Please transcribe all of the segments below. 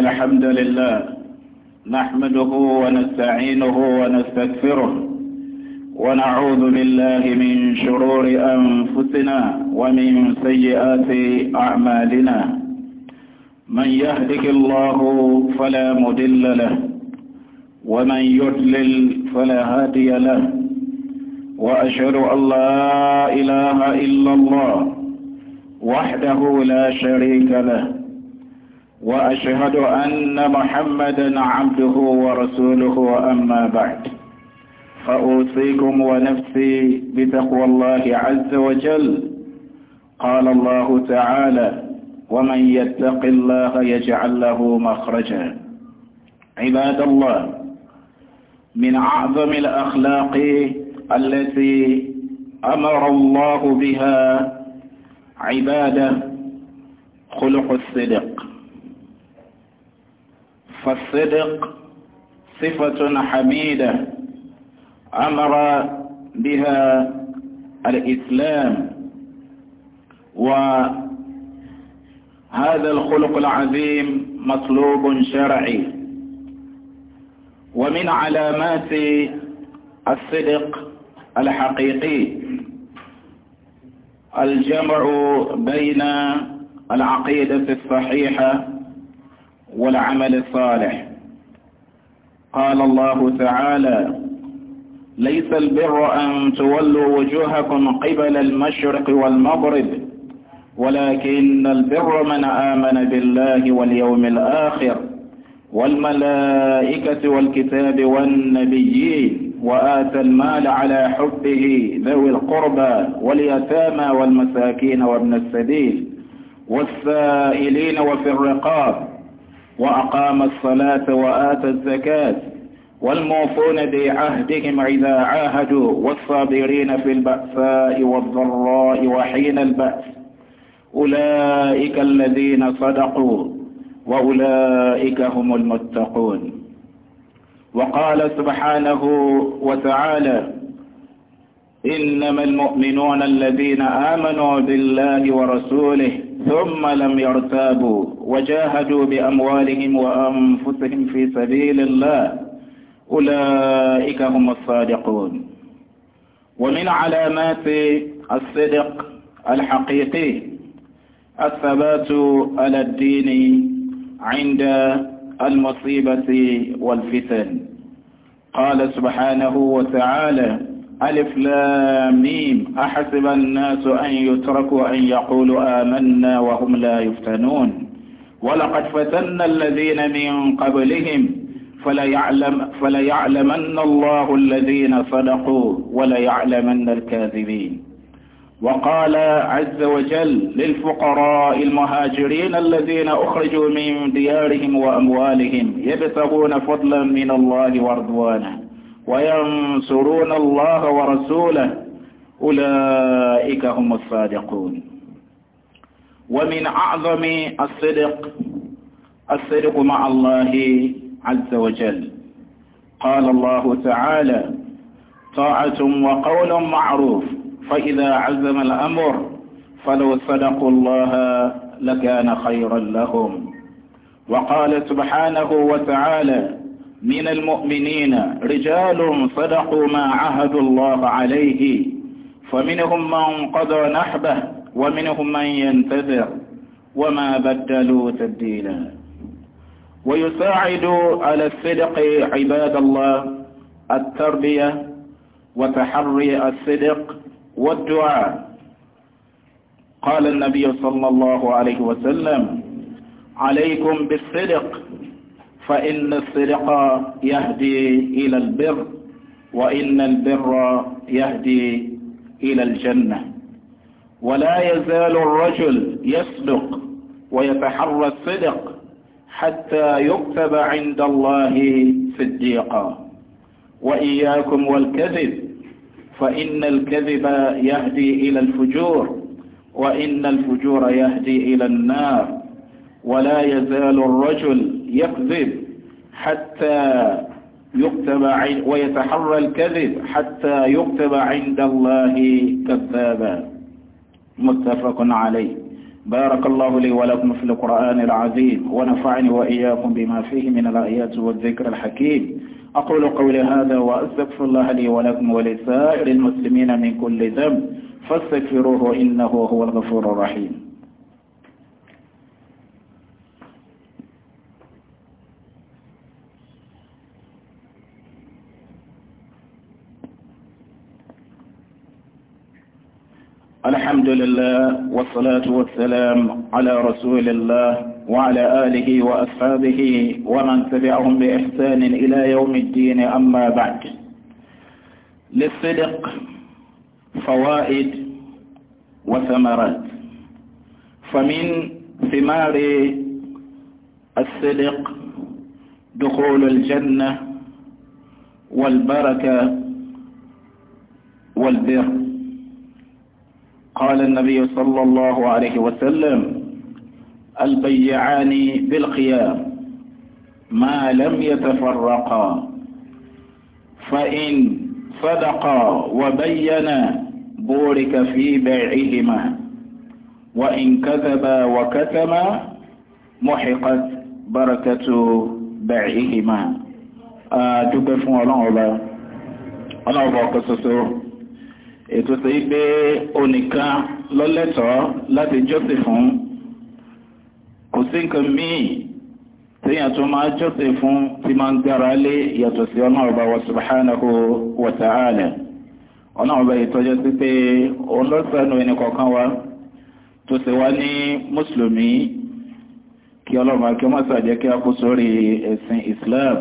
الحمد لله نحمده ونستعينه ونستغفره ونعوذ بالله من شرور أنفسنا ومن سيئات أعمالنا من يهدك الله فلا مدل له ومن يضلل فلا هادي له وأشهد أن لا إله إلا الله وحده لا شريك له وأشهد أن محمدا عبده ورسوله أما بعد فأوصيكم ونفسي بتقوى الله عز وجل قال الله تعالى ومن يتق الله يجعل له مخرجا عباد الله من أعظم الأخلاق التي أمر الله بها عباده خلق الصدق فالصدق صفة حميدة أمر بها الإسلام وهذا الخلق العظيم مطلوب شرعي ومن علامات الصدق الحقيقي الجمع بين العقيدة الصحيحة والعمل الصالح قال الله تعالى ليس البر أن تولوا وجوهكم قبل المشرق والمغرب ولكن البر من آمن بالله واليوم الآخر والملائكة والكتاب والنبيين وآتى المال على حبه ذوي القربى واليتامى والمساكين وابن السبيل والسائلين وفي الرقاب وأقام الصلاة وآتى الزكاة والموفون بعهدهم إذا عاهدوا والصابرين في البأساء والضراء وحين البأس أولئك الذين صدقوا وأولئك هم المتقون وقال سبحانه وتعالى إنما المؤمنون الذين آمنوا بالله ورسوله ثم لم يرتابوا وجاهدوا بأموالهم وأنفسهم في سبيل الله أولئك هم الصادقون ومن علامات الصدق الحقيقي الثبات على الدين عند المصيبة والفتن قال سبحانه وتعالى ألف لام ميم أحسب الناس أن يتركوا أن يقولوا آمنا وهم لا يفتنون ولقد فتنا الذين من قبلهم فليعلم فليعلمن الله الذين صدقوا وليعلمن الكاذبين وقال عز وجل للفقراء المهاجرين الذين أخرجوا من ديارهم وأموالهم يبتغون فضلا من الله ورضوانه وينصرون الله ورسوله أولئك هم الصادقون ومن أعظم الصدق الصدق مع الله عز وجل قال الله تعالى طاعة وقول معروف فإذا عزم الأمر فلو صدقوا الله لكان خيرا لهم وقال سبحانه وتعالى من المؤمنين رجال صدقوا ما عهدوا الله عليه فمنهم من قضى نحبه ومنهم من ينتظر وما بدلوا تبديلا ويساعد على الصدق عباد الله التربية وتحري الصدق والدعاء قال النبي صلى الله عليه وسلم عليكم بالصدق فإن الصدق يهدي إلى البر وإن البر يهدي إلى الجنة ولا يزال الرجل يصدق ويتحرى الصدق حتى يكتب عند الله صديقا وإياكم والكذب فإن الكذب يهدي إلى الفجور وإن الفجور يهدي إلى النار ولا يزال الرجل يكذب حتى يكتب ويتحرى الكذب حتى يكتب عند الله كذابا متفق عليه بارك الله لي ولكم في القرآن العظيم ونفعني وإياكم بما فيه من الآيات والذكر الحكيم أقول قولي هذا وأستغفر الله لي ولكم ولسائر المسلمين من كل ذنب فاستغفروه إنه هو الغفور الرحيم الحمد لله والصلاة والسلام على رسول الله وعلى آله وأصحابه ومن تبعهم بإحسان إلى يوم الدين أما بعد للصدق فوائد وثمرات فمن ثمار الصدق دخول الجنة والبركة والبر قال النبي صلى الله عليه وسلم البيعان بالقيام ما لم يتفرقا فإن صدقا وبينا بورك في بيعهما وإن كذبا وكتما محقت بركة بيعهما أدوك آه، فون الله أبقى أكسسه ètò sí pé onìkan lọ́lẹ́tọ̀ọ́ láti jọ́sìn fún kò sí nǹkan míì tíyàn tó máa jọ́sìn fún tí máa ń gbára lé yàtọ̀ sí ọ̀nà ọba wa subhanahu wa ta'ala ọ̀nà ọba ìtọ́jọ́ sí pé olóṣèlú ẹni kọ̀ọ̀kan wa tó sì wá ní mùsùlùmí kí ọlọ́run akí ọmọ sàjẹ́ kí a kú sórí ẹ̀sìn islam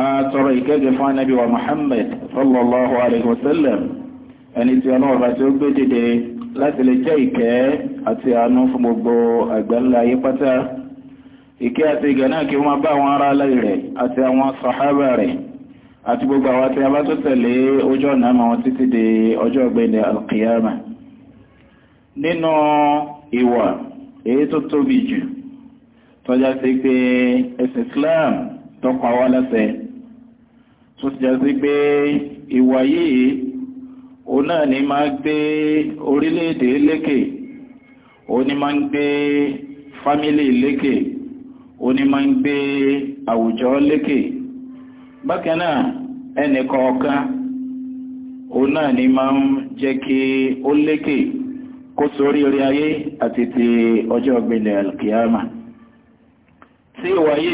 a tọrọ ìkẹ́gẹ́ fún anábíwa muhammad sallallahu alaihi wasallam ẹni tí ọlọ́run bá tí ó gbé dìde láti lè jẹ́ ìkẹ́ àti àánú fún gbogbo àgbáńlá ayé pátá ìkẹ́ àti ìgẹ̀ náà kí wọ́n bá àwọn ará alẹ́ rẹ̀ àti àwọn sàhábà rẹ̀ àti gbogbo àwọn tí a bá tó tẹ̀lé Islam tọ́pa wá lẹ́sẹ̀ tó sì ìwà yìí òun náà ni máa gbé orílẹ̀-èdè lékè òun ni máa ń gbé fámílì lékè òun ni máa ń gbé àwùjọ lékè bákan náà ẹnì òun náà ni máa ń jẹ́ kí ó lékè kó sórí orí ayé àti ti ọjọ́ ọ̀gbìnlẹ̀ alkiyama tí ìwáyé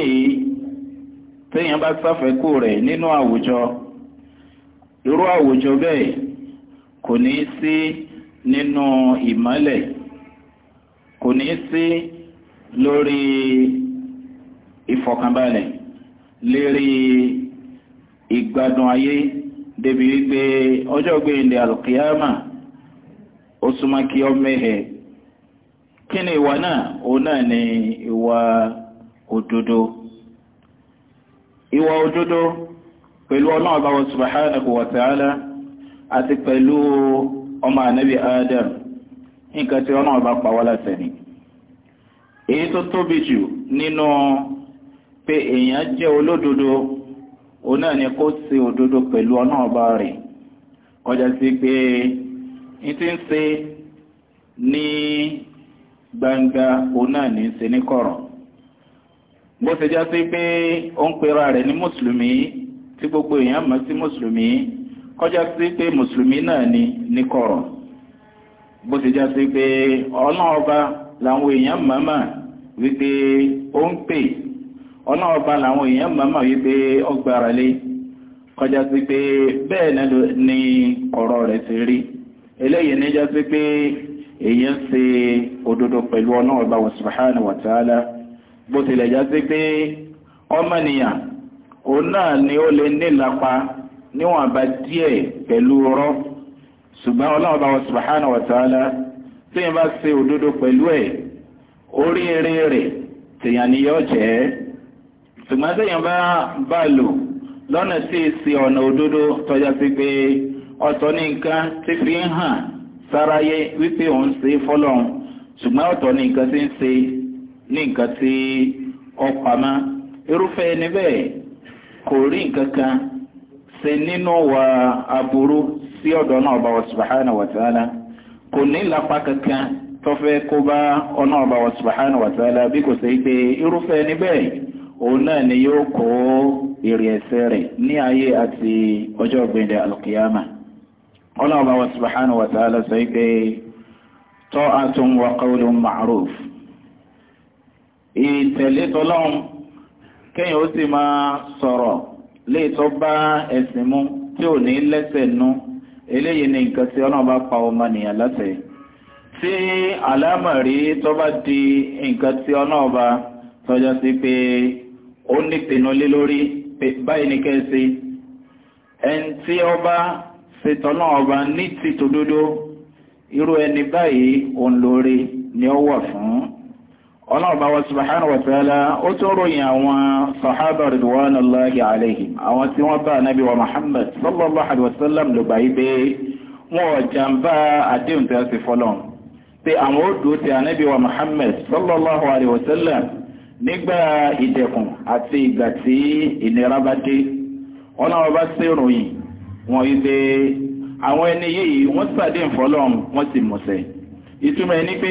yìí kò ní sí nínú ìmọ́lẹ̀ kò ní sí lórí ìfọ̀kànbalẹ̀ lérí ìgbádùn ayé débi wípé ọjọ́ gbéǹde alkiyama ó súnmọ́ kí kí ni ìwà náà òun náà ni ìwà òdodo ìwà òdodo pẹ̀lú ọlọ́ọ̀bá wa àti pẹ̀lú ọmọ ànábì Adam nǹkan tí ọlọ́run bá pa wá ni èyí tó tóbi jù nínú pé èèyàn jẹ́ olódodo òun náà ni kó ṣe òdodo pẹ̀lú ọlọ́run bá rẹ̀ kọjá sí pé ní ti ń ṣe ní gbangba òun náà ní í ṣe ní kọ̀rọ̀ bó ṣe já sí pé ó ń pera rẹ̀ ní mùsùlùmí tí gbogbo èèyàn mọ̀ sí mùsùlùmí kọjá sí pé mùsùlùmí náà ni ní kọ̀rọ̀ bó ti já sí pé ọlọ́ọba làwọn èèyàn màmá wípé ó ń pè ọlọ́ọba làwọn èèyàn màmá wípé ó gbára kọjá sí pé bẹ́ẹ̀ ni ọ̀rọ̀ rẹ̀ ti rí eléyìí níjá sí pé èèyàn ṣe òdodo pẹ̀lú ọlọ́ọba wa bó tilẹ̀ já sí pé ọmọnìyàn òun náà ni ó lè nílapa níwọ̀n àbá díẹ̀ pẹ̀lú ọ̀rọ̀ ṣùgbọ́n ọlọ́run bá wọn subhanahu wa ta'ala téèyàn bá ṣe òdodo pẹ̀lú ẹ̀ oríire rẹ̀ tèèyàn ni yóò jẹ́ ṣùgbọ́n téèyàn bá bá lò lọ́nà tí ì sí ọ̀nà òdodo tọ́já sí pé ọ̀tọ̀ ní nǹkan ti fi ń hàn sáráyé wípé òun ṣe fọ́lọ́run ṣùgbọ́n ọ̀tọ̀ ní nǹkan ti ń ṣe ní nǹkan tí ọ̀pamọ́ irúfẹ́ ẹni bẹ́ẹ̀ kò rí nǹkan kan ṣe nínú wa aburú sí ọ̀dọ̀ náà bá wa subhanahu wa ta'ala kò ní lápá kankan tó fẹ́ kó bá ọ̀nà bá wa subhanahu wa ta'ala bí kò sí pé irúfẹ́ níbẹ̀ òun náà ni yóò kó èrè ẹ̀ṣẹ̀ rẹ̀ ní ayé àti ọjọ́ gbẹ̀dẹ̀ alkiyama ọ̀nà bá wa subhanahu sọ pé ta'atun wa qawlun ma'ruf ìtẹ̀lé tọ́lọ́run ó sì máa sọ̀rọ̀ léè tó bá ẹ̀sìn mu tí ò ní lẹ́sẹ̀ nú eléyìí ni nǹkan tí ọlọ́run bá pa ọmọnìyàn láṣẹ tí àlámọ̀rí tó bá di nǹkan tí ọlọ́run bá tọ́jọ́ sí pé ó ní pinnu lé lórí báyìí ní kẹ́sí ẹni tí ọba ṣetán náà ọba ní tìtòdodo irú ẹni báyìí òun ni ó wà fún ọlọ́ọ̀bá wa subhanahu wa ta'ala ó tó ròyìn àwọn sahaba ridwanullahi alaihim àwọn tí wọ́n bá nabi wa muhammad sallallahu alaihi wasallam ló bá ibé wọn ò jàmbá àdéhùn tí a sì fọ́lọ̀ pé àwọn ó dúró ti ànábì wa muhammad sallallahu alaihi wasallam nígbà ìdẹ̀kùn àti ìgbà tí ìnira bá dé ọlọ́wọ́ bá sí ròyìn wọn ibé àwọn ẹni yìí wọ́n sàdéhùn fọ́lọ̀ wọ́n sì mọ̀sẹ̀ ìtumọ̀ ẹni pé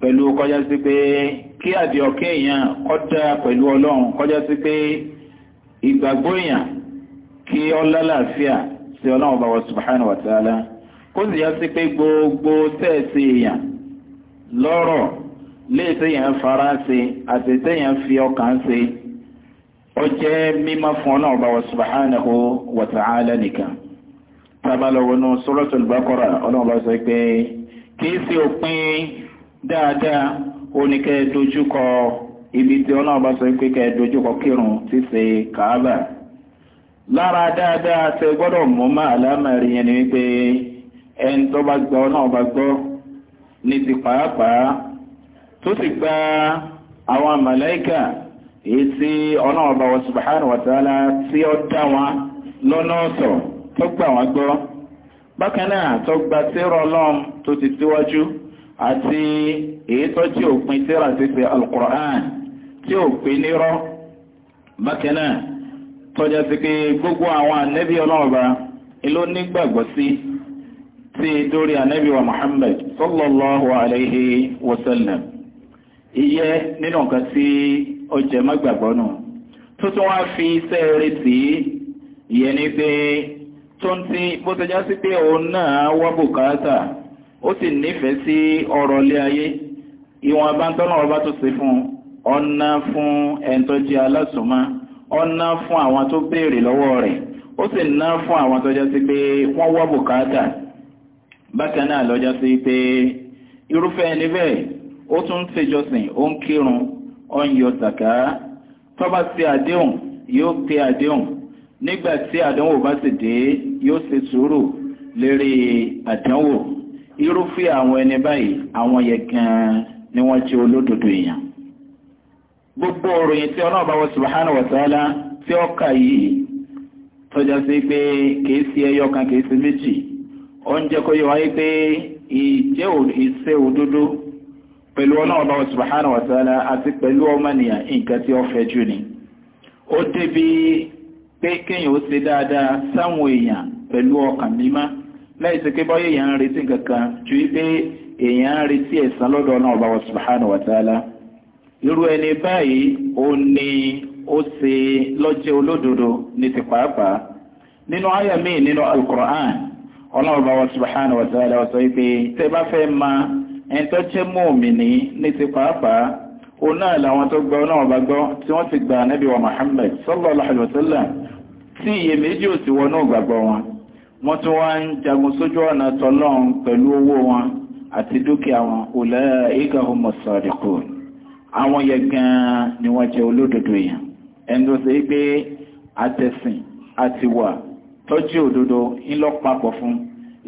pẹ̀lú kọjá sí pé kí àdì ọ̀kẹ́ èèyàn kọ́dá pẹ̀lú ọlọ́run kọjá sí pé ìgbàgbọ́ èèyàn kí ó sí ọlọ́run bá wa subhanahu ta'ala kó sì yá sí pé gbogbo tẹ́ẹ̀sì èèyàn lọ́rọ̀ léèṣẹ́ èèyàn fara ṣe àti tẹ́yàn fi ọkàn ṣe ó jẹ́ mímọ́ fún ọlọ́run bá wa subhanahu ta'ala nìkan tábàlọ́wọ́nú suratul baqara ọlọ́run bá sọ pé kì í ṣe òpin dáadáa oníkẹ́ dojúkọ ibi tí ọlọ́run ọba sọ pé kẹ́ dojúkọ ti ṣíṣe kàábà lára dáadáa tẹ gbọ́dọ̀ mọ́ máa lámàrin yẹn wípé ẹni tó bá gbọ́ náà bá gbọ́ ní ti pàápàá tó sì gba àwọn màláíkà èyí tí tí ó dá wọn lọ́nà ọ̀tọ̀ tó àti èyí tó tí òpin tíra títí alukur'an tí ó pé nírọ́ tọ́jà sí pé gbogbo àwọn ànábì ọlọ́ọ̀bá ló nígbàgbọ́ sí tí dórí ànábì wa Muhammad sallallahu alayhi wa sallam nínú nǹkan tí ó jẹ mọ́gbàgbọ́ nù wá fi iṣẹ́ ti bó ó sì nífẹ̀ẹ́ sí ọrọ̀ ilé ayé ìwọ̀n bá ń tọ́nà ọba tó ṣe fún ọ̀nà fún ẹ̀ńtọ́jì alásùnmá ọ̀nà fún àwọn tó béèrè lọ́wọ́ rẹ̀ ó sì ná fún àwọn tó jásí pé wọ́n wọ́ bùkátà bákan náà lọ́jà sí pé irúfẹ́ ẹni bẹ́ẹ̀ ó tún ń ṣèjọsìn ó ń kírun ó ń yọ sàká tó bá ṣe àdéhùn yóò pe àdéhùn nígbà tí àdánwò bá sì dé yóò ṣe sùúrù lérí àdánwò irúfẹ́ àwọn ẹni báyìí àwọn yẹn gan-an ni wọ́n jẹ́ olódodo èèyàn gbogbo òròyìn tí ọlọ́ọ̀bá wa subhanahu wa ta'ala tí ó kà yìí tọ́já sí pé kìí sí ẹyọ kan kìí sí méjì ó ń jẹ́ kó yẹ wáyé pé ìjẹ́ ìṣe òdodo pẹ̀lú ọlọ́ọ̀bá wa subhanahu wa àti pẹ̀lú ọmọnìyàn nǹkan tí ó fẹ́ jù ni ó débi pé kéèyàn ó ṣe dáadáa sáwọn èèyàn pẹ̀lú ọkàn mímá láì ṣe pé bọ́yé èèyàn ń retí kankan ju wípé èèyàn ń retí ẹ̀san lọ́dọ̀ ọ̀nà ọba wa subhanahu wa ta'ala irú ẹni báyìí ó ní ó ṣe lọ́jẹ́ olódodo ní ti pàápàá nínú àyà míì nínú al-Qur'an ọ̀nà ọba wa subhanahu wa ta'ala sọ wípé tẹ́ bá fẹ́ ma ẹni tó jẹ́ mùmínì ní ti pàápàá ó náà làwọn tó gbọ́ náà bá gbọ́ tí wọ́n ti gba ànábì wa Muhammad sallallahu alaihi wa sallam tí iyèméjì ò sì wọnú ìgbàgbọ́ wọn wọ́n tún wá ń jagun sójú ọ̀nà tọ́lọ́run pẹ̀lú owó wọn àti dúkìá wọn ulaika humus sadiqun àwọn yẹn gan-an ni wọ́n jẹ́ olódodo èèyàn ẹni tó ṣe pé àtẹ̀sìn àtiwà tọ́jú òdodo ńlọ́pàpọ̀ fún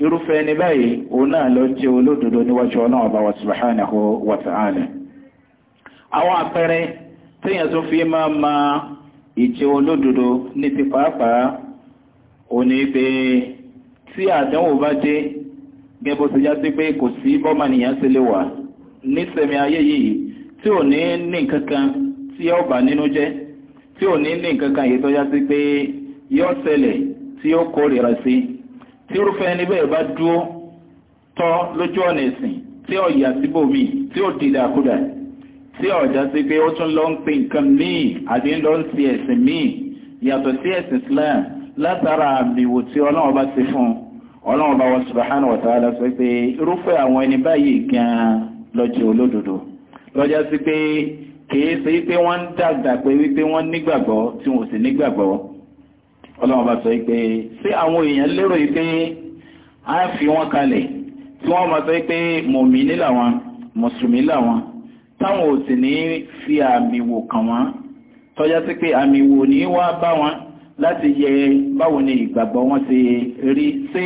irúfẹ́ ẹni báyìí òun náà lọ jẹ́ olódodo níwájú ọlọ́run bá wa subhanahu wa ta'ala àwọn àpẹẹrẹ tíyàn tó fi máa ma ìjẹ́ olódodo ní ti pàápàá òní pé tí àdánwò bá dé gẹ́gẹ́ bó ṣe já sí pé kò sí bọ́mọnìyàn ṣe lè wà nísẹ̀mí ayé yìí tí ò ní ní nǹkan kan tí ó bà nínú jẹ́ tí ò ní ní nǹkan kan yìí tó já sí pé yóò ṣẹlẹ̀ tí ó kórìíra sí tí irúfẹ́ ẹni bẹ́ẹ̀ bá dúró tọ́ lójú ọ̀nà ẹ̀sìn tí ó yà síbòmí tí ó dìdàkudà tí ó já sí pé ó tún lọ ń pe nǹkan míì àbí ń lọ ń ṣe ẹ̀sìn míì yàtọ̀ sí ẹ̀sìn Islam látara àmìwò tí ọlọ́run bá ti fún ọlọ́run bá wa subhanahu wa ta'ala sọ pé irúfẹ́ àwọn ẹni báyìí gan-an lọ́jọ́ olódodo lọ́jọ́ sí pé kìí ṣe pé wọ́n ń dàgbà pé wípé wọ́n nígbàgbọ́ tí wọ́n sì nígbàgbọ́ ọlọ́run bá sọ pé ṣé àwọn èèyàn lérò yìí pé a fi wọ́n kalẹ̀ tí wọ́n máa sọ pé mùmíní làwọn mùsùlùmí làwọn táwọn ò sì ní fi àmì wò kàn wọ́n tọ́já sí pé àmì wò ní wá bá wọn láti yẹ báwo ni ìgbàgbọ́ wọn ṣe rí ṣé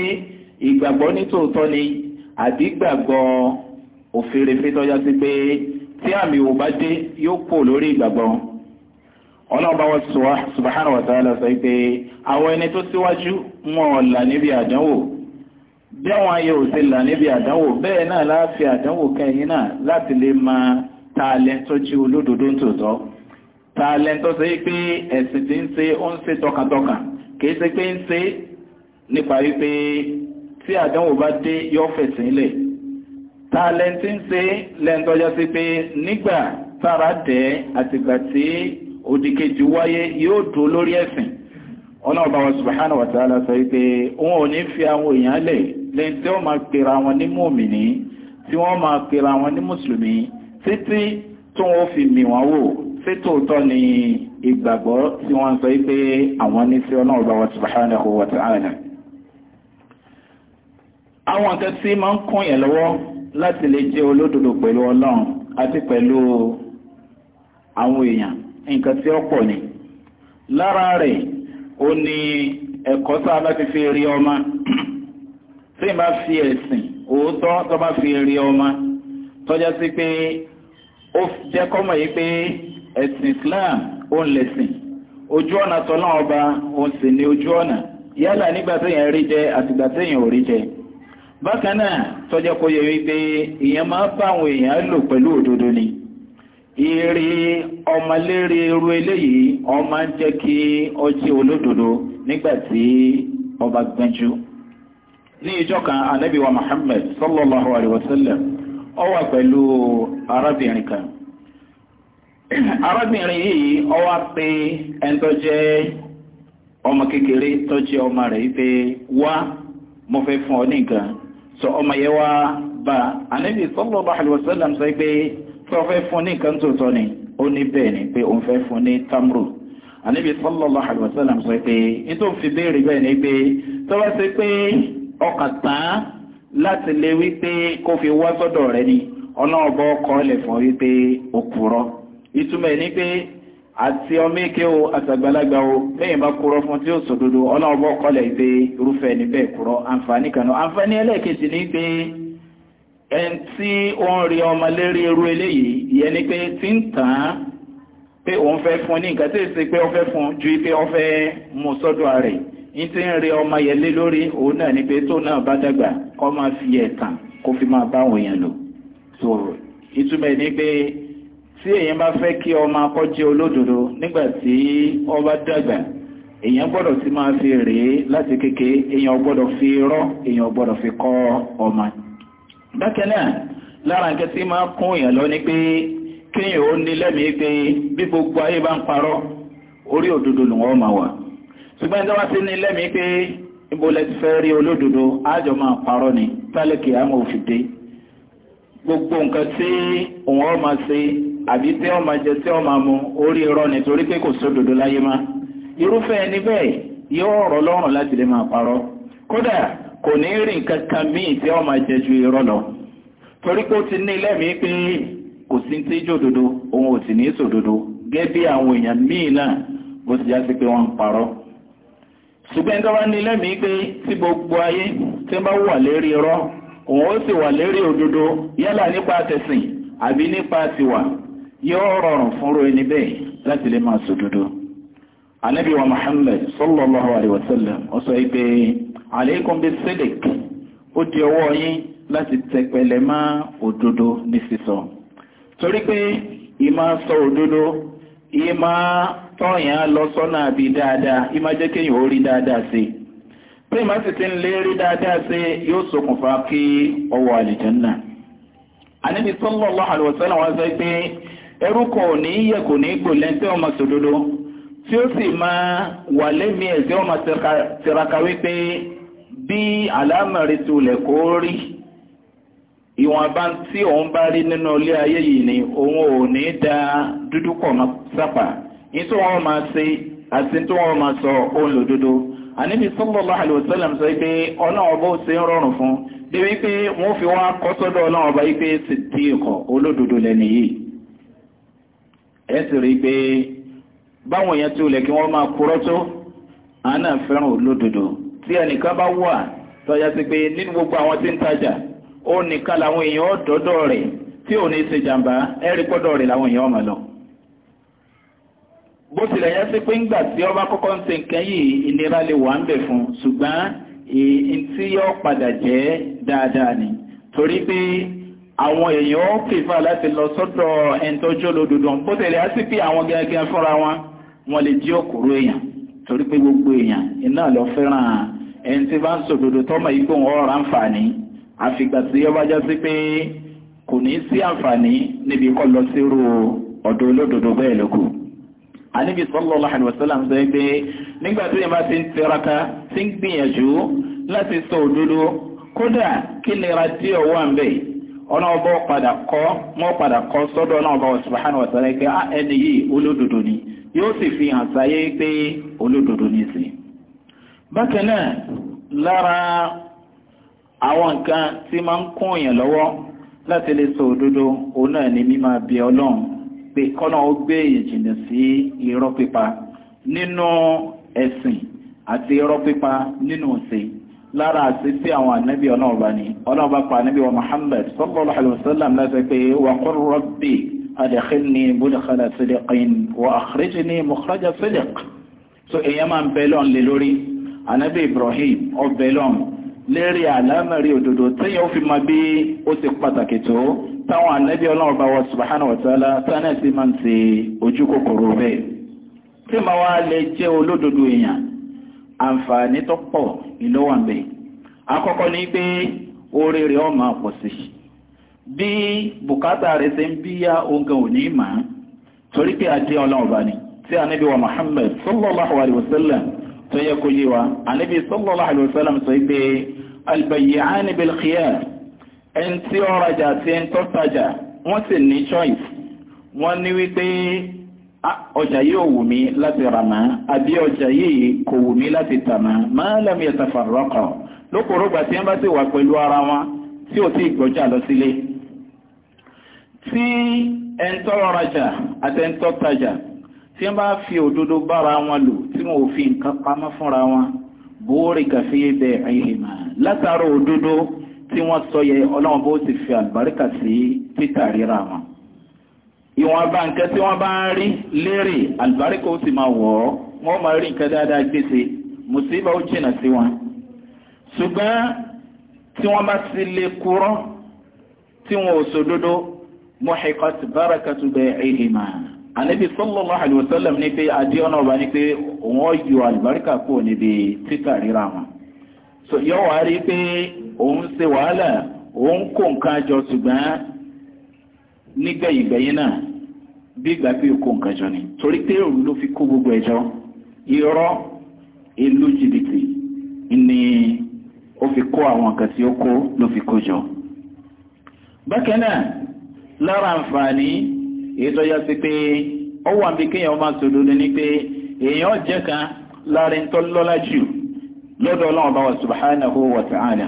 ìgbàgbọ́ nítòótọ́ ni àbí gbàgbọ́ òfèrèfé tọ́já sí pé tí àmì ò bá dé yóò kó lórí ìgbàgbọ́ ọlọ́ọ̀bá wọn subhanahu wa ta'ala sọ pé àwọn ẹni tó síwájú wọn ò là níbi àdánwò bí àwọn ayé ò ti là níbi àdánwò bẹ́ẹ̀ náà láàfin àdánwò kẹyìn náà láti lè máa ta alẹ́ tó olódodo ń ta lẹ́ntọ́ ṣe é pé ẹ̀sìn tí ń ṣe ó ń ṣe tọkàntọkàn kìí ṣe pé ń ṣe nípa wípé tí àdánwò bá dé yọ fẹ̀sìn lẹ̀ ta lẹ́ntí ń ṣe lẹ́ntọ́ já sí pé nígbà tára dẹ̀ àtìgbà tí òdìkejì wáyé yóò dúró lórí ẹ̀sìn ọlọ́ọ̀bá wa subhanahu wa ta'ala sọ wípé wọn ò ní fi àwọn èèyàn lẹ̀ lẹ́yìn tí wọ́n máa pera wọn ní mùmìnì tí wọ́n máa pera wọn ní mùsùlùmí títí tó wọ́n fi mì wò ṣé tòótọ́ ni ìgbàgbọ́ tí wọ́n sọ pé àwọn ní sí ọ̀nà ọ̀bá subhanahu wa ta'ala àwọn nǹkan tí máa ń kún yẹn lọ́wọ́ láti lè jẹ́ olódodo pẹ̀lú ọlọ́run àti pẹ̀lú àwọn èèyàn nǹkan tí ó pọ̀ ni lára rẹ̀ ó ní ẹ̀kọ́ tá a bá ti fi rí ọmọ tí n bá fi ẹ̀sìn òótọ́ tó bá fi rí ọmọ tọ́já sí pé ó jẹ́ kọ́mọ̀ yìí pé ẹ̀sìn Islam òun lẹ̀sìn ojú ọ̀nà tọ́lá ọba òun sì ní ojú ọ̀nà yálà nígbà téèyàn rí jẹ àtìgbà téèyàn ò rí jẹ bákan náà tọ́jọ́ kó yẹ wípé ìyẹn máa bá àwọn èèyàn lò pẹ̀lú òdodo ni ìrì ọmọlérí irú eléyìí ọmọ ń jẹ́ kí ọjí olódodo nígbà tí ọba gbẹ́jú ní ìjọ kan anábìwa Muhammad sallallahu alayhi wa sallam ó pẹ̀lú arábìnrin kan arábìnrin yìí ó wá pé ẹni tó jẹ́ ọmọ kékeré tó jẹ́ ọmọ rẹ̀ pé wá mo fẹ́ fún ọ ní nǹkan sọ ọmọ yẹn wá bá Ànábì sallallahu alaihi wasallam sọ pé tó fẹ́ fún ní nǹkan tó tọ́ ni ó ní bẹ́ẹ̀ ni pé òun fẹ́ fún ní tamru Ànábì sallallahu alaihi wasallam sọ pé nítorí fi béèrè bẹ́ẹ̀ ni pé tó bá ṣe pé ìtumọ̀ ẹ̀ ní pé àti ọmọ èké o àtàgbàlagbà o lẹ́yìn bá kúrọ fún tí ó sòdodo ọlọ́ọ̀bọ kọlẹ̀ pé irúfẹ́ níbẹ̀ kúrọ àǹfààní kan náà àǹfààní ẹlẹ́ẹ̀kejì ní pé ẹn tí ó ń rí ọmọ lérí irú eléyìí ìyẹn ni pé tí ń tàn án pé òun fẹ́ fún ní nǹkan tí ì sí pé ó fẹ́ fún ju pé ó fẹ́ mú sọ́dọ̀ rẹ̀ ní tí ń rí ọmọ yẹn lé lórí òun náà ni pé tó náà bá dàgbà kó máa fi ẹ̀tàn kó fi máa bá àwọn èèyàn lò so ìtumọ̀ ni pé tí èyàn bá fẹ́ kí ọmọ akọ́jẹ́ olódodo nígbàtí ọba dàgbà èyàn gbọ́dọ̀ ti máa fi rèé láti kéke èyàn gbọ́dọ̀ fi rọ́ èyàn gbọ́dọ̀ fi kọ́ ọmọ bákan náà lára nǹkan tí máa kún èyàn lọ ni pé kéèyàn ó ní lẹ́mìí pé bí gbogbo ayé bá ń parọ́ orí òdodo lòun ọmọ wà ṣùgbọ́n ẹni tó wá sí ní lẹ́mìí pé ibo lẹ ti fẹ́ rí olódodo àjọ máa parọ́ ni tálẹ̀kì àmọ́ òfìdé gbogbo nǹkan tí òun ọmọ ṣe àbí tí wọ́n máa jẹ tí wọ́n máa mu orí irọ́ nítorí pé kò sódodo láyé má irúfẹ́ ẹni bẹ́ẹ̀ yóò rọ̀ lọ́rùn láti lè máa parọ́ kódà kò ní rìn kankan míì tí wọ́n máa jẹ ju irọ́ lọ torí pé ó ti ní lẹ́mìí pé kò sí ti jòdodo òun ò sì ní sòdodo gẹ́gẹ́ bí àwọn èèyàn míì náà bó ti já sí pé wọ́n ń parọ́ ṣùgbọ́n tó bá ní lẹ́mìí pé tí gbogbo ayé tí bá wà lérí irọ́ òun ó sì wà lérí òdodo yálà nípa tẹ̀sìn àbí nípa tiwà yóò rọrùn fúnrú ẹni bẹ́ẹ̀ láti lè máa sòdodo anabi wa muhammad sallallahu alayhi wa sallam ó sọ pé aleikum bi sidik ó di ọwọ́ yín láti tẹpẹlẹ mọ́ òdodo ní sísọ torí pé ìmá sọ òdodo ìmá tọ́yàn lọ sọ́nà àbí dáadáa ìmá jẹ́ kéèyàn ó rí dáadáa sí i tí ìmá sì ti ń lé rí dáadáa sí yóò ṣokùnfà kí ọwọ́ àlìjánná anabi sallallahu alayhi wa sallam wá sọ ẹrú kan ò ní yẹ kò ní gbò lẹ́ńtẹ́ ọmọ sòdodo tí ó sì máa wà lẹ́mí ẹ̀sẹ̀ ọmọ tiraka wípé bí àlámọ̀rí tulẹ̀ kó rí ìwọ̀nba tí òun bá rí nínú ilé ayé yìí ni òun ò ní da dúdú pọ̀ mọ́ sápà ní tí wọ́n máa ṣe àti tí wọ́n máa sọ òun lòdodo àníbi sallallahu alaihi wasallam sọ pé ọlọ́run bó ṣe ń rọrùn fún débi pé wọ́n fi wá kọ́ sọ́dọ̀ ọlọ́run ọba yìí pé sì dí ìkọ̀ olódodo lẹ́nu yìí ẹ sì rí i pé báwọn yẹn tó lẹ kí wọ́n máa kúrọ́ tó àánà fẹ́ràn olódodo tí ẹnìkan bá wà tọ́já sí pé nínú gbogbo àwọn tí ń tajà ó nìkan làwọn èèyàn ọ̀dọ́dọ̀ rẹ̀ tí ò ní ṣe jàǹbá ẹ̀rí pọ́dọ̀ rẹ̀ làwọn èèyàn máa lọ. bó tilẹ̀ yẹ sí pé ńgbà tí ọba kọ́kọ́ ń ṣe nǹkan yìí ìnira lè wà ń bẹ̀ fún ṣùgbọ́n ìyìn tí padà jẹ́ dáadáa ni torí pé àwọn èèyàn ó pèfà láti lọ sọ́dọ̀ ẹ̀ńtọ́jú olódodo bó tẹ̀lé á sì pé àwọn gẹ́gẹ́ fúnra wọn wọn lè jí òkúrú èèyàn torí pé gbogbo èèyàn iná lọ fẹ́ràn ẹni tí bá ń sòdodo tọ́mọ̀ igbó ọ̀rọ̀ àǹfààní àfìgbà tí ó bá já pé kò ní sí àǹfààní níbi kọ́ lọ sírú ọ̀dọ̀ olódodo bẹ́ẹ̀ lókù àníbi sallallahu alaihi wasallam ń sọ pé nígbà tó yẹ bá ti ń tiraka ti ń gbìyànjú láti sọ ọ̀nà ọba padà kọ́ wọ́n padà kọ́ sọ́dọ̀ ọ̀nà ọba subhanahu wa ta'ala pé ah, ẹni yìí olódodo ni yóò sì fi hàn sáyé pé olódodo ni sí. bákan náà lára àwọn nǹkan tí máa ń kún èèyàn lọ́wọ́ láti lè sọ òdodo òun náà ni mímá bí ọlọ́run pé kọ́nà ó gbé ìjìnlẹ̀ sí irọ́ pípa nínú ẹ̀sìn àti irọ́ pípa nínú ọ̀sìn lára àṣìṣí àwọn ànábì ọlọ́ọ̀bá ni ọlọ́ọ̀bá pa ànábì wa Muhammad sallallahu alaihi wasallam láti pé wa qur rabbi adkhilni mudkhala sidqin wa akhrijni mukhraja sidq so èèyàn máa ń bẹ́lọ́n lè lórí ànábì Ibrahim ọ bẹ́lọ́n lérí àlámẹ̀rí òdodo téèyàn ó fi máa bí ó ti pàtàkì tó táwọn ànábì ọlọ́ọ̀bá wa subhanahu wa wá lè jẹ́ olódodo èèyàn àǹfààní tó pọ̀ ìlówà ń bẹ àkọ́kọ́ ni pé oore rẹ̀ ó máa pọ̀ sí bí bùkátà rẹ̀ ṣe ń bíyà oúnjẹ òní mà á torí pé àti ọlọ́run bá tí anábì wa Muhammad sallallahu alayhi wa sallam tó yẹ kó yé wa anábì sallallahu alayhi wa sallam sọ pé albayyi'ani bil khiyar ẹni tí ó rajà àti ẹni wọ́n sì ní choice wọ́n ní wípé ọjà yìí ò wù mí láti rà máa àbí ọjà yìí kò wù mí láti tà máa máa lẹ́mí ẹ̀ta fàrọ́kọ̀ lókòrógbà tí wọ́n bá ti wà pẹ̀lú ara wọn tí ò tí ìgbọ́jà lọ sílé tí ẹ̀ńtọ́ rajà àtẹ̀ńtọ́ tajà tí wọ́n bá fi òdodo bára wọn lò tí wọ́n fi nǹkan pamọ́ fúnra wọn bóòrè kàfí bẹ àyèmà látàrí òdodo tí wọ́n sọ yẹ ọlọ́run bó ti fi àlùbáríkà sí títà ríra wọn ìwọ̀nba nǹkan tí wọ́n bá ń rí lérè àlùbáríkà ó sì máa wọ̀ ọ́ wọ́n máa rí nǹkan dáadáa gbèsè mùsíbà ó jìnà sí wọn. ṣùgbọ́n tí wọ́n bá ti lè kúrọ́ tí wọn ò sòdodo muhiqat barakatu bai'ihima. ànábì sallallahu alaihi wasallam ní pé adéọ́nà ọba ní pé wọ́n yọ àlùbáríkà kúrò níbi títà ríra wọn. yọ wá rí pé òun ṣe wàhálà òun kó nǹkan jọ ṣùgbọ́n nígbẹ̀yìngbẹ̀yìn náà bí ìgbà bí òkú nǹkan jọ ni torí pé òun ló fi kó gbogbo ẹjọ́ irọ́ ìlú jìbìtì ni ó fi kó àwọn nǹkan tí ó kó ló fi kó jọ. bákan náà lára àǹfààní èyí tó yá sí pé ó wà bí kéèyàn máa sòdodo ni pé èèyàn jẹ́ kan lára ń tọ́ lọ́lá jù lọ́dọ̀ ọlọ́run bá wa subhanahu wa ta'ala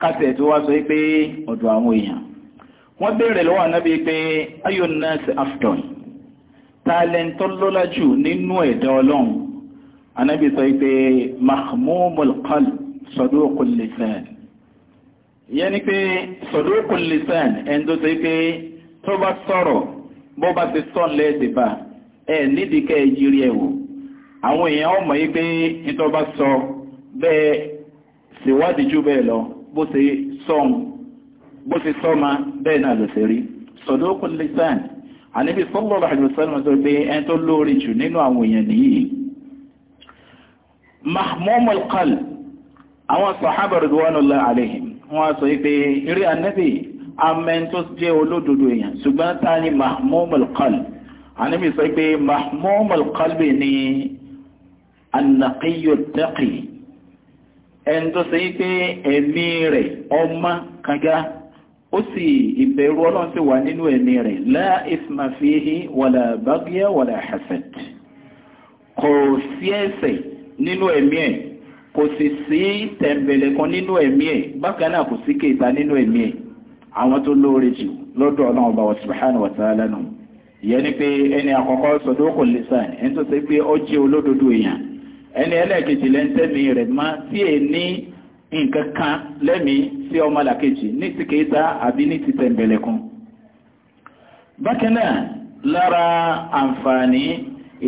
kásẹ̀ tó wá sọ pé ọ̀dọ̀ àwọn èèyàn wọ́n béèrè lọ́wọ́ ànábì pé ayọ̀ nurse afton tálẹ́ntọ́ lọ́lá jù nínú ẹ̀dá ọlọ́run anábì sọ pé mahmumul qalb saduqul lisan ìyẹn ni pé saduqul lisan ẹni tó sọ pé tó bá sọ̀rọ̀ bó bá ti sọ̀ lẹ́ẹ̀dì bá ẹ̀ nídìí kẹ́ ẹ yiri ẹ̀ àwọn èèyàn ọmọ yìí pé bá sọ bẹ́ẹ̀ ṣèwádìí jù bẹ́ẹ̀ lọ bó ṣe sọ ma bẹ́ẹ̀ náà àníbi sọ́lọ́rọ̀ àjọsọ́lọ́rọ̀ tó pé ẹni tó lóore jù nínú àwọn èèyàn nìyí mahmumul qalb àwọn sàhábà ridwanullahi alaihim wọ́n sọ pé eré ànábì amẹ́n tó jẹ́ olódodo èèyàn ṣùgbọ́n ta ni mahmumul qalb sọ pé mahmumul ó sì ìbẹ̀rù ọlọ́run sì wà nínú ẹ̀mí rẹ̀ la isma fihi wàlà bagya wàlà hasad kò sí ẹ̀ṣẹ̀ nínú ẹ̀mí ẹ̀ kò sì sí tẹ̀m̀bẹ̀lẹ̀ kan nínú ẹ̀mí ẹ̀ bákan náà kò sí kèta nínú ẹ̀mí ẹ̀ àwọn tó lóore jù lọ́dọ̀ ọlọ́run ọba subhanahu nǹkan kan lẹ́mìí sí ọmọ làkejì ní ti kéta àbí ní ti tẹ̀m̀bẹ̀lẹ̀kùn bákan náà lára àǹfààní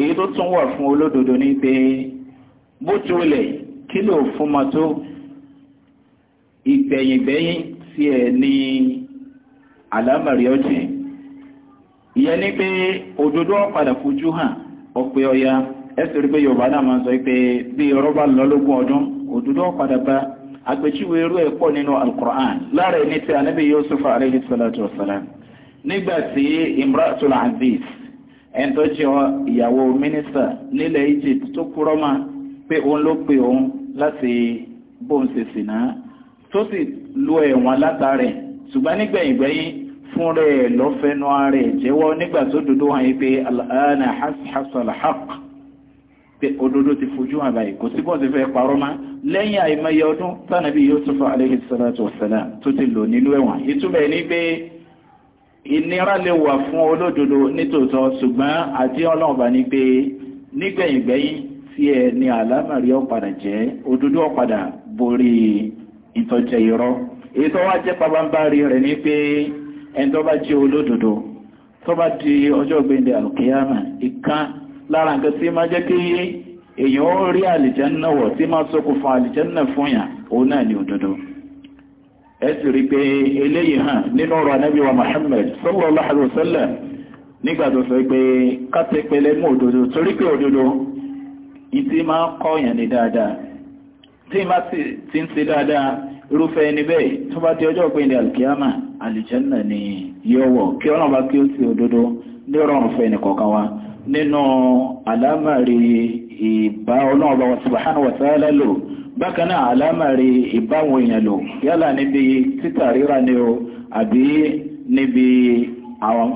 èyí tó tún wà fún olódodo ní pé bó ti wulẹ̀ kí ló fún ma tó ìgbẹ̀yìngbẹ̀yìn sí ẹ̀ ní àlámàrí ìyẹn ní pé òdodo ọ̀padà fojú hàn ọ̀pẹ ọ̀ya ẹ̀sìn rí pé yorùbá náà máa ń sọ pé bí ọ̀rọ̀ lọ́lógún ọdún òdodo ọ̀padà bá àgbẹ̀júwe irú ẹ̀ pọ̀ nínú alukur'an lára ẹni tí anabi yusuf aleyhi salatu wasalam nígbà tí imratul aziz ẹni tó jẹ́ ìyàwó mínísítà nílẹ̀ egypt tó kúrọ́ ma pé òun ló pe òun láti bóun ṣe sìnà tó sì lo ẹ̀wọ̀n látàrẹ̀ ṣùgbọ́n nígbẹ̀yìngbẹ̀yìn fún rẹ̀ lọ́fẹ̀ẹ́nu ara jẹ́wọ́ nígbà tó dúdú hàn yí pé alhana hasal haqq pé òdodo ti fojú hàn báyìí kò sí bọ́ọ̀sì fẹ́ parọ́ máa lẹ́yìn àìmọye ọdún tánàbí Yusuf alayhi salatu wassalam tó ti lò nínú ẹ̀wọ̀n ìtumọ̀ ní pé ìnira lè wà fún olódodo nítòótọ́ ṣùgbọ́n àti ọlọ́ọ̀bá ní pé nígbẹ̀yìngbẹ̀yìn tí ẹ ní àlámàrí ọ̀padà jẹ́ òdodo ọ̀padà borí ìtọ́jẹ́ irọ́ èyí wá jẹ́ pabambari rẹ̀ ní pé ẹni tó bá jẹ́ olódodo tó bá di ọjọ́ gbẹ̀ndẹ̀ àlùkìyàmà ìkan lára nǹkan tí máa jẹ́ kí o ó rí àlìjánná wọ̀ tí máa sókùnfà àlìjánná fún yàn òun náà ni òdodo ẹ sì rí pé eléyìí hàn nínú ọ̀rọ̀ anábì wa Muhammad sallallahu alaihi wasallam nígbà tó sọ pé o mú òdodo torí pé òdodo ìtí máa kọ́ yàn ti ń ṣe dáadáa irúfẹ́ ẹni bẹ́ẹ̀ tó bá di ọjọ́ ìpínlẹ̀ ni yóò kí ọlọ́run bá kí ó sì òdodo ní ọ̀rọ̀ ọ̀fẹ́ nínú àlámàrí ìbá ọlọ́ọ̀bá subhanahu wa ta'ala lò bákanáà àlámàrí ìbáwọn èèyàn lò yálà níbi títà ríra ni o àbí níbi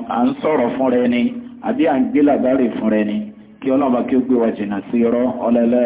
à ń sọ̀rọ̀ fún rẹ ni àbí à ń gbé làbárì fún rẹ ni kí ọlọ́ọ̀bá kí ó gbé wa jìnà sí irọ́ ọlọ́lá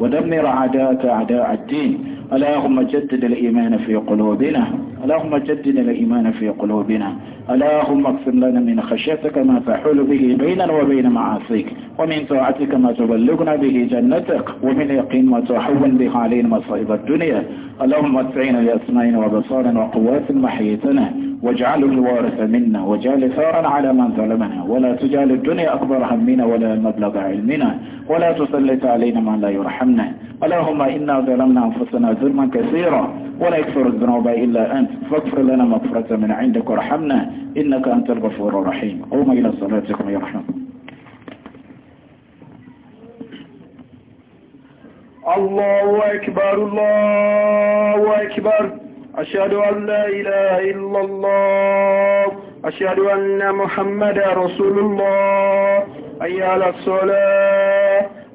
ودمر عداك أعداء الدين اللهم جدد الإيمان في قلوبنا اللهم جدد الإيمان في قلوبنا اللهم اقسم لنا من خشيتك ما تحول به بيننا وبين معاصيك ومن طاعتك ما تبلغنا به جنتك ومن يقين ما تحول به علينا مصائب الدنيا اللهم اتعينا لأسمائنا وبصارنا وقوات محيتنا واجعل الوارث منا واجعل ثارا على من ظلمنا ولا تجعل الدنيا أكبر همنا ولا مبلغ علمنا ولا تسلط علينا من لا يرحم وارحمنا اللهم إنا ظلمنا أنفسنا ظلما كثيرا ولا يكفر الذنوب إلا أنت فاغفر لنا مغفرة من عندك وارحمنا إنك أنت الغفور الرحيم قوم إلى صلاتكم يرحمكم الله أكبر الله أكبر أشهد أن لا إله إلا الله أشهد أن محمد رسول الله أي على الصلاة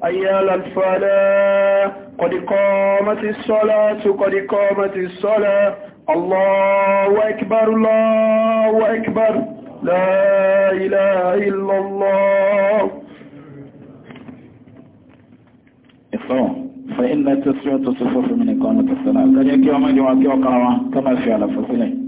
أيال الفلاح قد قامت الصلاة قد قامت الصلاة الله أكبر الله أكبر لا إله إلا الله إخوان فإن تسرع تصفف من إقامة الصلاة قد يكي ومجي وكي وكروا كما في على فصلين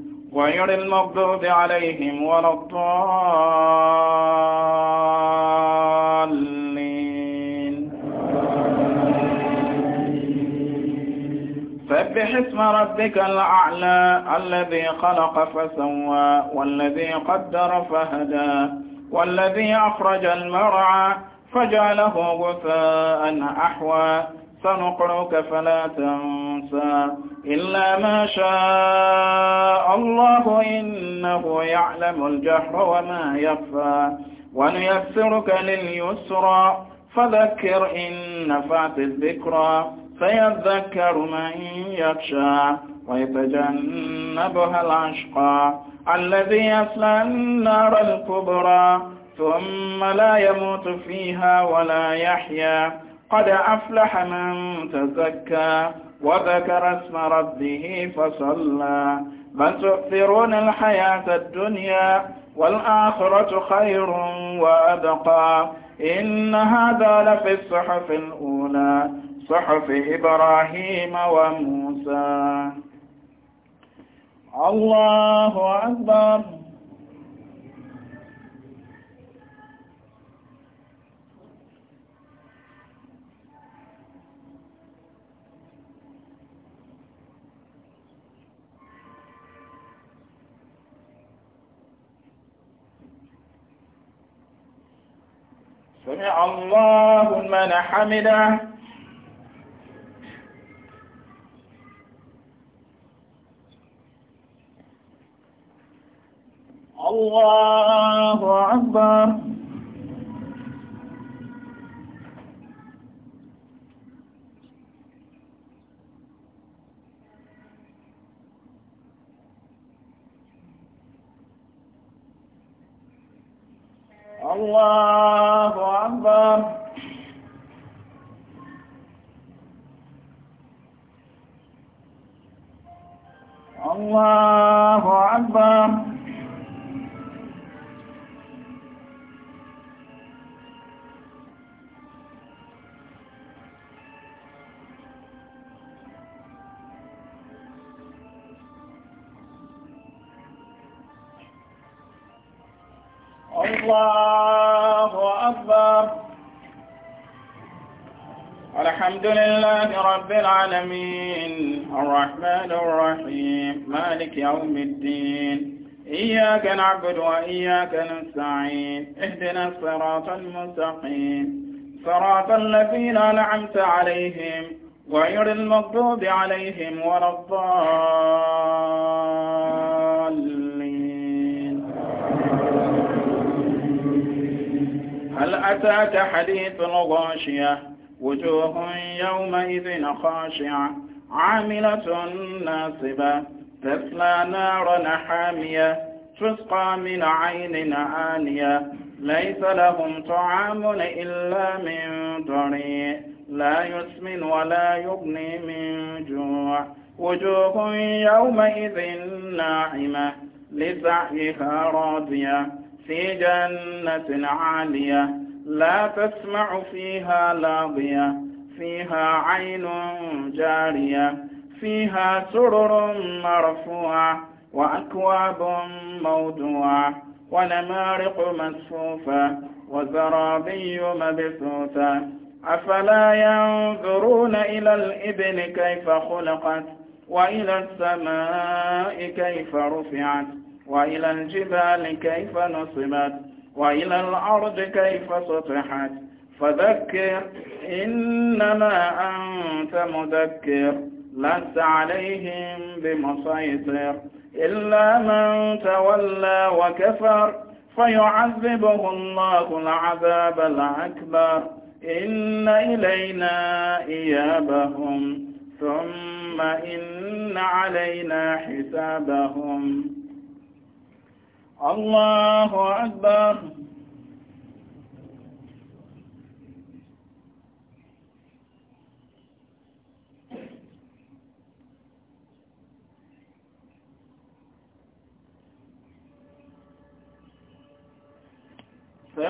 غير المغضوب عليهم ولا الضالين سبح اسم ربك الأعلى الذي خلق فسوى والذي قدر فهدى والذي أخرج المرعى فجعله غثاء أحوى سنقرك فلا تنسى إلا ما شاء الله إنه يعلم الجهر وما يخفى ونيسرك لليسرى فذكر إن نفعت الذكرى فيذكر من يخشى ويتجنبها العشقى الذي يصلى النار الكبرى ثم لا يموت فيها ولا يحيا قد أفلح من تزكى وذكر اسم ربه فصلى بل تؤثرون الحياة الدنيا والآخرة خير وأبقى إن هذا لفي الصحف الأولى صحف إبراهيم وموسى الله أكبر سمع الله من حمده الله أكبر الله الله أكبر الله أكبر الحمد لله رب العالمين يوم الدين إياك نعبد وإياك نستعين اهدنا الصراط المستقيم صراط الذين أنعمت عليهم غير المغضوب عليهم ولا الضالين هل أتاك حديث الغاشية وجوه يومئذ خاشعة عاملة ناصبة تسلى نارا حامية تسقى من عين عانية ليس لهم طعام إلا من ضريع لا يسمن ولا يغني من جوع وجوه يومئذ ناعمة لسعيها راضية في جنة عالية لا تسمع فيها لاغية فيها عين جارية فيها سرر مرفوعة وأكواب موضوعة ونمارق مصفوفة وزرابي مبثوثة أفلا ينظرون إلى الإبل كيف خلقت وإلى السماء كيف رفعت وإلى الجبال كيف نصبت وإلى الأرض كيف سطحت فذكر إنما أنت مذكر لست عليهم بمسيطر إلا من تولى وكفر فيعذبه الله العذاب الأكبر إن إلينا إيابهم ثم إن علينا حسابهم الله أكبر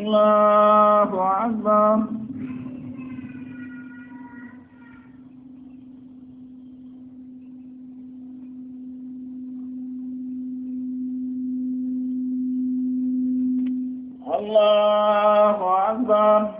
الله أكبر الله أكبر